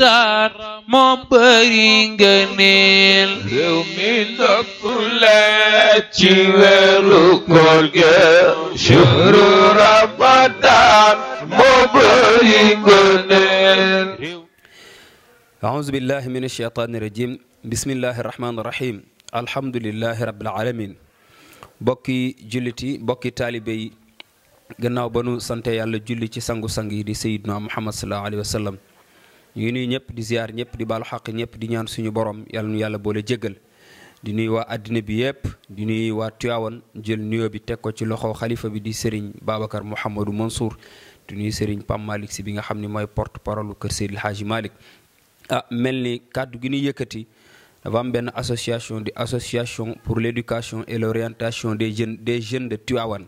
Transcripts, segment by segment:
daar moom bëri nga neel réew mi ndokku leen ci weeru koor ge shuru ramadan moo bëri nga neel أعوذ بالله من الشيطان الرجيم بسم الله الرحمن الرحيم الحمد لله رب yàlla julli ci sangu-sang yi di sayyidina Muhammad sallallahu ñu ngi nuyu ñëpp di ziar ñëpp di baalu xaq ñëpp di ñaan suñu borom yàlla nu yàlla boole jéggal di nuy waa àddina bi yëpp di nuyu waa Tiwaawan jël nuyoo bi teg ko ci loxo xalifa bi di Serigne Babacar Mouhamadou Mansour di nuy Serigne Pam Malick si bi nga xam ne mooy porte parole kër Seydil Hadji Malick ah mel ni kàddu gi nuy yëkkati dafa am benn association di association pour l' éducation et l' orientation des jeunes des jeunes de Tiwaawan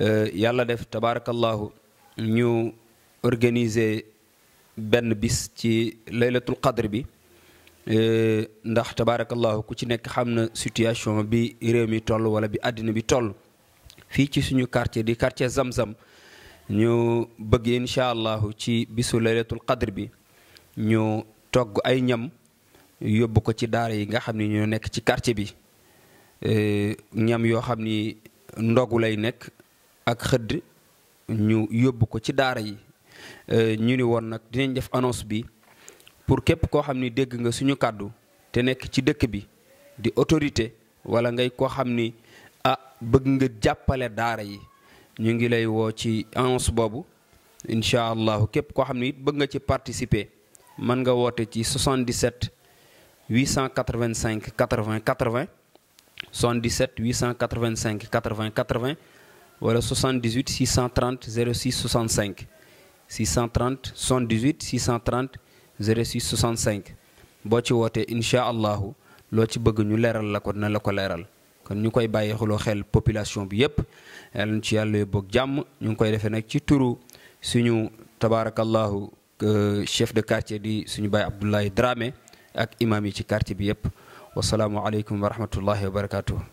euh, yàlla def tabaarakallahu ñu organiser. benn bis ci laylatul kadr bi eh, ndax tabaarakallahu ku ci nekk xam na situation bi réew mi toll wala bi àddina bi toll fii ci suñu quartier di quartier Zamzam ñu bëgg incha allahu ci bisu laylatul qadr bi ñu togg ay ñam yóbbu ko ci daara yi nga xam ni ñoo nekk ci quartier bi eh, ñam yoo xam ni ndogu lay nekk ak xëdd ñu yóbbu ko ci daara yi Euh, ñu ni woon nag dinañ def annonce bi pour képp koo xam ni dégg nga suñu kàddu te nekk ci dëkk bi di autorité wala ngay koo xam ni a ah, bëgg nga jàppale daara yi ñu ngi lay woo ci annonce boobu incha allahu képp koo xam ni it bëgg nga ci participer mën nga woote ci 77 885 80 80 77 885 80 80 wala 78 630 06 65 630 78 630 06 65 boo ci wootee incha allahu loo ci bëgg ñu leeral la ko dina la ko leeral kon ñu koy bàyyi xuloo xel population bi yépp yàlla na ci yàlla boog jàmm ñu ngi koy defee nag ci turu suñu tabaarakallahu euh, chef de quartier di suñu baay Abdoulaye Dramé ak imam yi ci quartier bi yépp wasalaamualeykum aleykum rahmatullahi wa barakaatu.